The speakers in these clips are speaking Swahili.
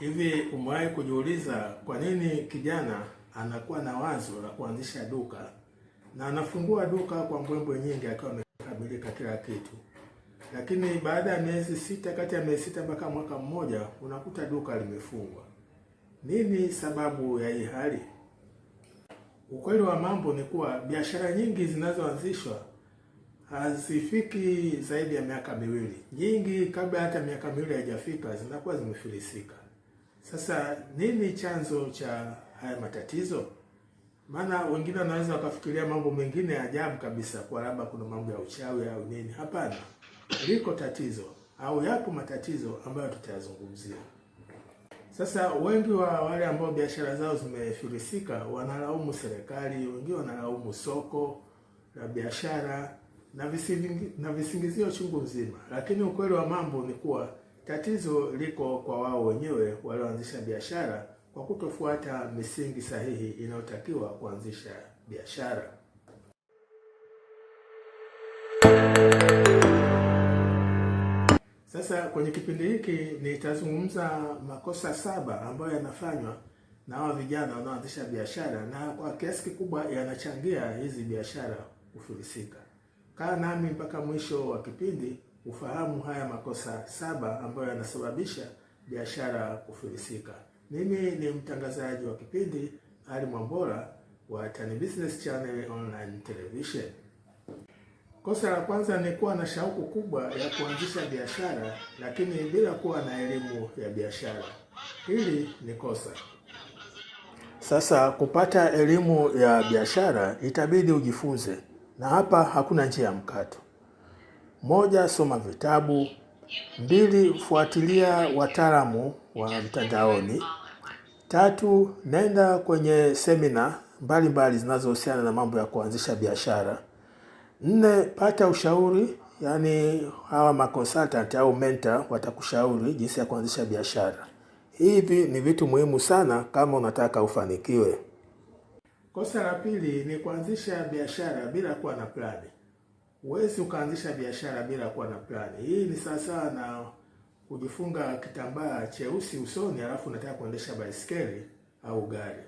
Hivi umewahi kujiuliza kwa nini kijana anakuwa na wazo la kuanzisha duka na anafungua duka kwa mbwembwe nyingi akiwa amekamilika kila kitu, lakini baada ya miezi sita, kati ya miezi sita mpaka mwaka mmoja, unakuta duka limefungwa? Nini sababu ya hii hali? Ukweli wa mambo ni kuwa biashara nyingi zinazoanzishwa hazifiki zaidi ya miaka miwili. Nyingi kabla hata miaka miwili haijafika zinakuwa zimefilisika. Sasa nini chanzo cha haya matatizo? Maana wengine wanaweza wakafikiria mambo mengine ya ajabu kabisa, kwa labda kuna mambo ya uchawi au nini. Hapana, liko tatizo au yapo matatizo ambayo tutayazungumzia. Sasa wengi wa wale ambao biashara zao zimefilisika wanalaumu serikali, wengine wanalaumu soko la biashara na visingizio chungu mzima, lakini ukweli wa mambo ni kuwa Tatizo liko kwa wao wenyewe walioanzisha biashara kwa kutofuata misingi sahihi inayotakiwa kuanzisha biashara. Sasa kwenye kipindi hiki nitazungumza makosa saba ambayo yanafanywa na hawa vijana wanaoanzisha biashara na kwa kiasi kikubwa yanachangia hizi biashara kufilisika. Kaa nami mpaka mwisho wa kipindi ufahamu haya makosa saba ambayo yanasababisha biashara kufilisika. Mimi ni mtangazaji wa kipindi Ali Mwambola wa Tan Business Channel Online Television. Kosa la kwanza ni kuwa na shauku kubwa ya kuanzisha biashara lakini bila kuwa na elimu ya biashara. Hili ni kosa. Sasa kupata elimu ya biashara itabidi ujifunze, na hapa hakuna njia ya mkato. Moja, soma vitabu. Mbili, fuatilia wataalamu wa mtandaoni. Tatu, nenda kwenye semina mbalimbali zinazohusiana na mambo ya kuanzisha biashara. Nne, pata ushauri, yaani hawa makonsultant au mentor watakushauri jinsi ya kuanzisha biashara. Hivi ni vitu muhimu sana kama unataka ufanikiwe. Kosa la pili ni kuanzisha biashara bila kuwa na plani. Huwezi ukaanzisha biashara bila kuwa na plani. Hii ni sawasawa na kujifunga kitambaa cheusi usoni alafu unataka kuendesha baisikeli au gari,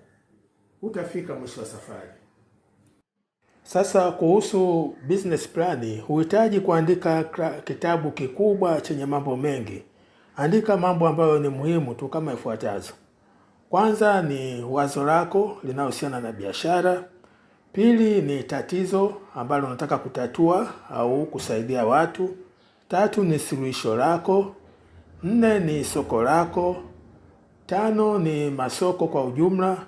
utafika mwisho wa safari. Sasa kuhusu business plan, huhitaji kuandika kitabu kikubwa chenye mambo mengi. Andika mambo ambayo ni muhimu tu kama ifuatazo: kwanza ni wazo lako linalohusiana na biashara, pili ni tatizo ambalo unataka kutatua au kusaidia watu. Tatu ni suluhisho lako. Nne ni soko lako. Tano ni masoko kwa ujumla.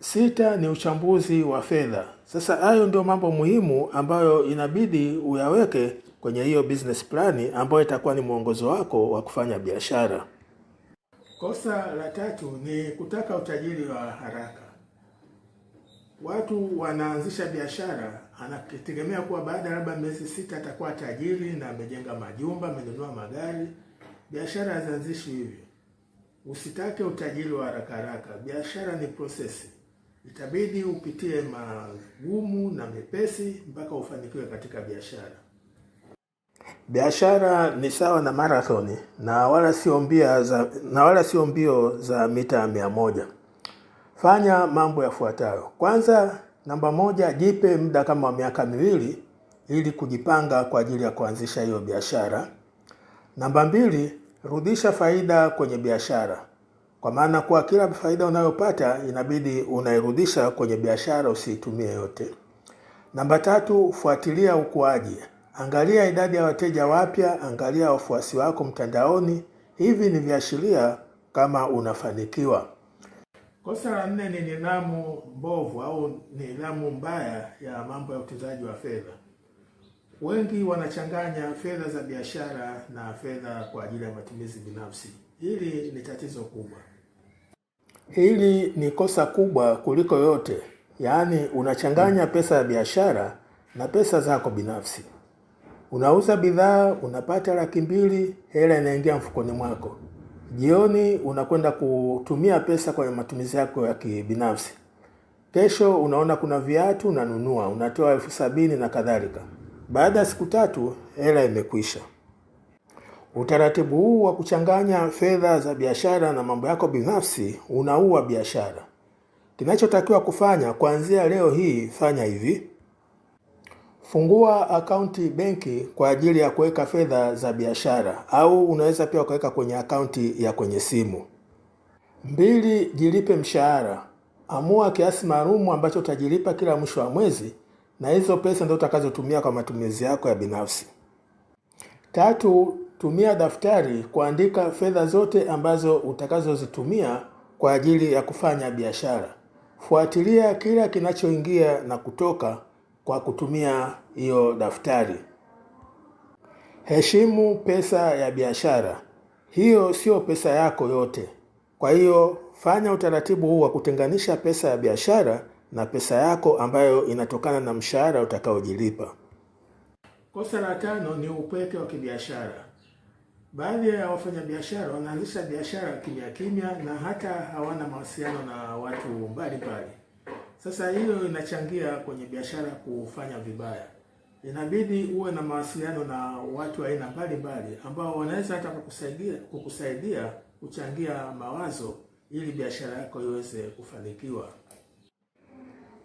Sita ni uchambuzi wa fedha. Sasa hayo ndio mambo muhimu ambayo inabidi uyaweke kwenye hiyo business plan ambayo itakuwa ni mwongozo wako wa kufanya biashara. Kosa la tatu ni kutaka utajiri wa haraka. Watu wanaanzisha biashara anategemea kuwa baada ya labda miezi sita atakuwa tajiri na amejenga majumba, amenunua magari. Biashara hazianzishwi hivyo. Usitake utajiri wa haraka haraka. Biashara ni prosesi, itabidi upitie magumu na mepesi mpaka ufanikiwe katika biashara. Biashara ni sawa na marathoni na wala sio mbio za, na wala sio mbio za mita mia moja. Fanya mambo yafuatayo. Kwanza Namba moja, jipe muda kama miaka miwili ili kujipanga kwa ajili ya kuanzisha hiyo biashara. Namba mbili, rudisha faida kwenye biashara, kwa maana kuwa kila faida unayopata inabidi unairudisha kwenye biashara, usiitumie yote. Namba tatu, fuatilia ukuaji, angalia idadi ya wateja wapya, angalia wafuasi wako mtandaoni. Hivi ni viashiria kama unafanikiwa. Kosa la nne ni nidhamu mbovu au nidhamu mbaya ya mambo ya utunzaji wa fedha. Wengi wanachanganya fedha za biashara na fedha kwa ajili ya matumizi binafsi. Hili ni tatizo kubwa, hili ni kosa kubwa kuliko yote. Yaani unachanganya pesa ya biashara na pesa zako binafsi. Unauza bidhaa, unapata laki mbili, hela inaingia mfukoni mwako. Jioni unakwenda kutumia pesa kwa matumizi yako ya kibinafsi. Kesho unaona kuna viatu unanunua, unatoa elfu sabini na kadhalika. Baada ya siku tatu hela imekwisha. Utaratibu huu wa kuchanganya fedha za biashara na mambo yako binafsi unaua biashara. Kinachotakiwa kufanya kuanzia leo hii, fanya hivi: Fungua akaunti benki kwa ajili ya kuweka fedha za biashara au unaweza pia ukaweka kwenye akaunti ya kwenye simu. Mbili, jilipe mshahara. Amua kiasi maalumu ambacho utajilipa kila mwisho wa mwezi na hizo pesa ndio utakazotumia kwa matumizi yako ya binafsi. Tatu, tumia daftari kuandika fedha zote ambazo utakazozitumia kwa ajili ya kufanya biashara. Fuatilia kila kinachoingia na kutoka kwa kutumia hiyo daftari. Heshimu pesa ya biashara, hiyo sio pesa yako yote. Kwa hiyo fanya utaratibu huu wa kutenganisha pesa ya biashara na pesa yako ambayo inatokana na mshahara utakaojilipa. Kosa la tano ni upweke wa kibiashara. Baadhi ya wafanyabiashara wanaanzisha biashara kimya kimya na hata hawana mawasiliano na watu mbalimbali. Sasa hiyo inachangia kwenye biashara kufanya vibaya. Inabidi uwe na mawasiliano na watu aina mbalimbali ambao wanaweza hata kukusaidia kukusaidia kuchangia mawazo ili biashara yako iweze kufanikiwa.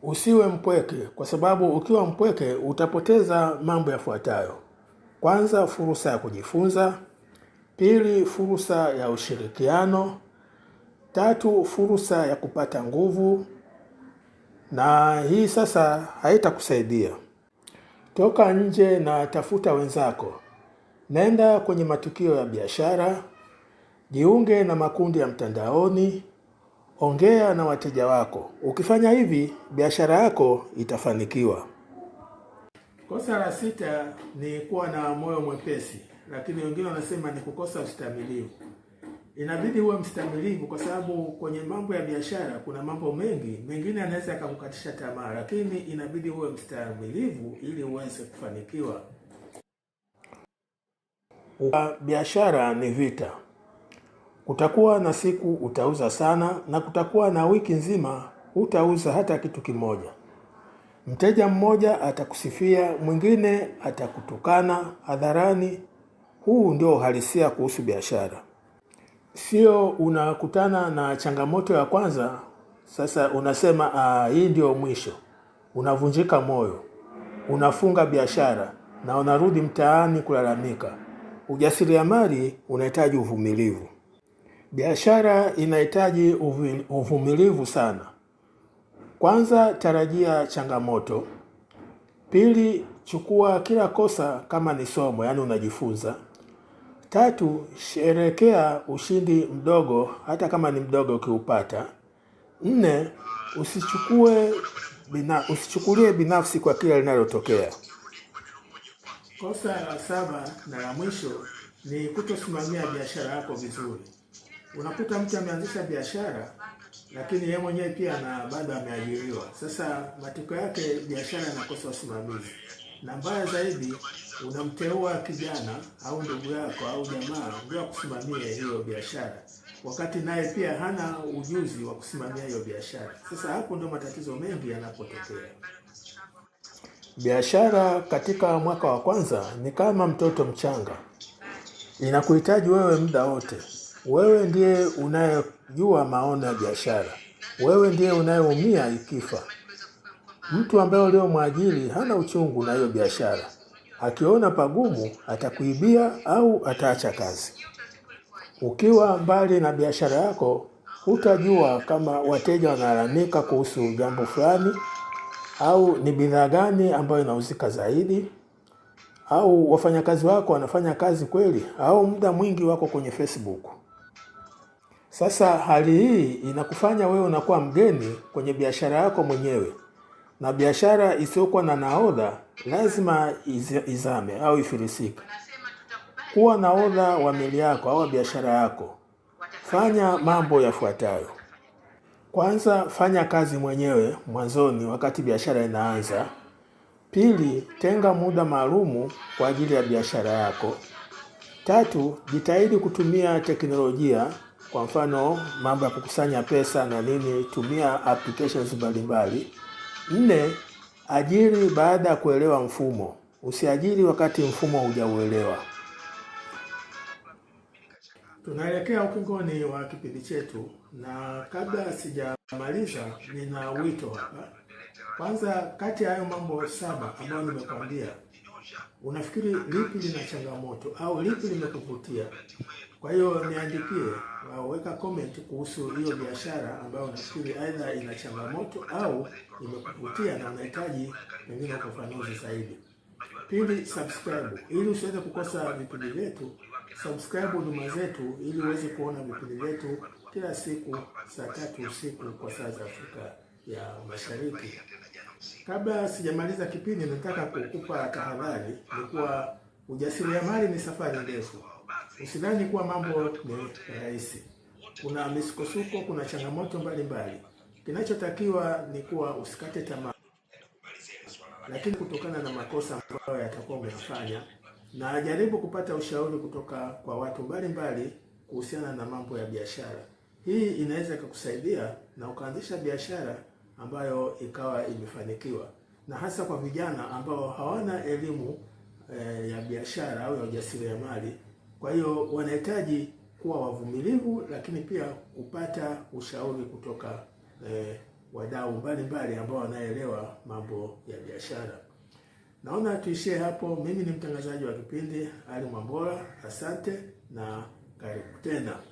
Usiwe mpweke, kwa sababu ukiwa mpweke utapoteza mambo yafuatayo: kwanza, fursa ya kujifunza; pili, fursa ya ushirikiano; tatu, fursa ya kupata nguvu na hii sasa haitakusaidia. Toka nje na tafuta wenzako, nenda kwenye matukio ya biashara, jiunge na makundi ya mtandaoni, ongea na wateja wako. Ukifanya hivi, biashara yako itafanikiwa. Kosa la sita ni kuwa na moyo mwepesi, lakini wengine wanasema ni kukosa ustamilivu inabidi uwe mstamilivu, kwa sababu kwenye mambo ya biashara kuna mambo mengi, mengine anaweza akakukatisha tamaa, lakini inabidi uwe mstamilivu ili uweze kufanikiwa. Biashara ni vita. Kutakuwa na siku utauza sana, na kutakuwa na wiki nzima utauza hata kitu kimoja. Mteja mmoja atakusifia, mwingine atakutukana hadharani. Huu ndio uhalisia kuhusu biashara sio unakutana na changamoto ya kwanza, sasa unasema uh, hii ndio mwisho, unavunjika moyo, unafunga biashara na unarudi mtaani kulalamika. Ujasiriamali unahitaji uvumilivu, biashara inahitaji uvumilivu sana. Kwanza, tarajia changamoto. Pili, chukua kila kosa kama ni somo, yaani unajifunza. Tatu, sherekea ushindi mdogo, hata kama ni mdogo ukiupata. Nne, usichukue bina, usichukulie binafsi kwa kila linalotokea. Kosa la saba na la mwisho ni kutosimamia biashara yako vizuri. Unakuta mtu ameanzisha biashara lakini yeye mwenyewe pia na bado ameajiriwa. Sasa matokeo yake biashara inakosa usimamizi na mbaya zaidi unamteua kijana au ndugu yako au jamaa ya kusimamia hiyo biashara, wakati naye pia hana ujuzi wa kusimamia hiyo biashara. Sasa hapo ndio matatizo mengi yanapotokea. Biashara katika mwaka wa kwanza ni kama mtoto mchanga, inakuhitaji wewe muda wote. Wewe ndiye unayejua maono ya biashara, wewe ndiye unayeumia ikifa Mtu ambaye uliomwajiri hana uchungu na hiyo biashara, akiona pagumu atakuibia au ataacha kazi. Ukiwa mbali na biashara yako, hutajua kama wateja wanalalamika kuhusu jambo fulani, au ni bidhaa gani ambayo inauzika zaidi, au wafanyakazi wako wanafanya kazi kweli, au muda mwingi wako kwenye Facebook. Sasa hali hii inakufanya wewe unakuwa mgeni kwenye biashara yako mwenyewe na biashara isiyokuwa na nahodha lazima izame au ifilisike. Kuwa nahodha wa meli yako au biashara yako, fanya mambo yafuatayo. Kwanza, fanya kazi mwenyewe mwanzoni, wakati biashara inaanza. Pili, tenga muda maalumu kwa ajili ya biashara yako. Tatu, jitahidi kutumia teknolojia, kwa mfano mambo ya kukusanya pesa na nini, tumia applications mbalimbali. Nne, ajiri baada ya kuelewa mfumo. Usiajiri wakati mfumo hujauelewa. Tunaelekea ukingoni wa kipindi chetu, na kabla sijamaliza, nina wito hapa. Kwanza, kati ya hayo mambo saba ambayo nimekwambia, unafikiri lipi lina changamoto au lipi limekuvutia? Kwa hiyo niandikie uh, weka comment kuhusu hiyo biashara ambayo unafikiri aidha ina changamoto au imekuvutia na unahitaji pengine ufafanuzi zaidi. Pili, subscribe ili usiweze kukosa vipindi vyetu. Subscribe huduma zetu ili uweze kuona vipindi vyetu kila siku saa tatu usiku kwa saa za Afrika ya Mashariki. Kabla sijamaliza kipindi, nataka kukupa tahadhari ni kuwa ujasiriamali ni safari ndefu usidhani kuwa mambo ni rahisi, kuna misukosuko, kuna changamoto mbalimbali. Kinachotakiwa ni kuwa usikate tamaa, lakini kutokana na makosa ambayo yatakuwa umefanya, na jaribu kupata ushauri kutoka kwa watu mbalimbali kuhusiana na mambo ya biashara. Hii inaweza ikakusaidia na ukaanzisha biashara ambayo ikawa imefanikiwa, na hasa kwa vijana ambao hawana elimu eh, ya biashara au ya ujasiriamali. Kwa hiyo wanahitaji kuwa wavumilivu, lakini pia kupata ushauri kutoka eh, wadau mbalimbali ambao wanaelewa mambo ya biashara. Naona tuishie hapo. Mimi ni mtangazaji wa kipindi Ali Mwambola, asante na karibu tena.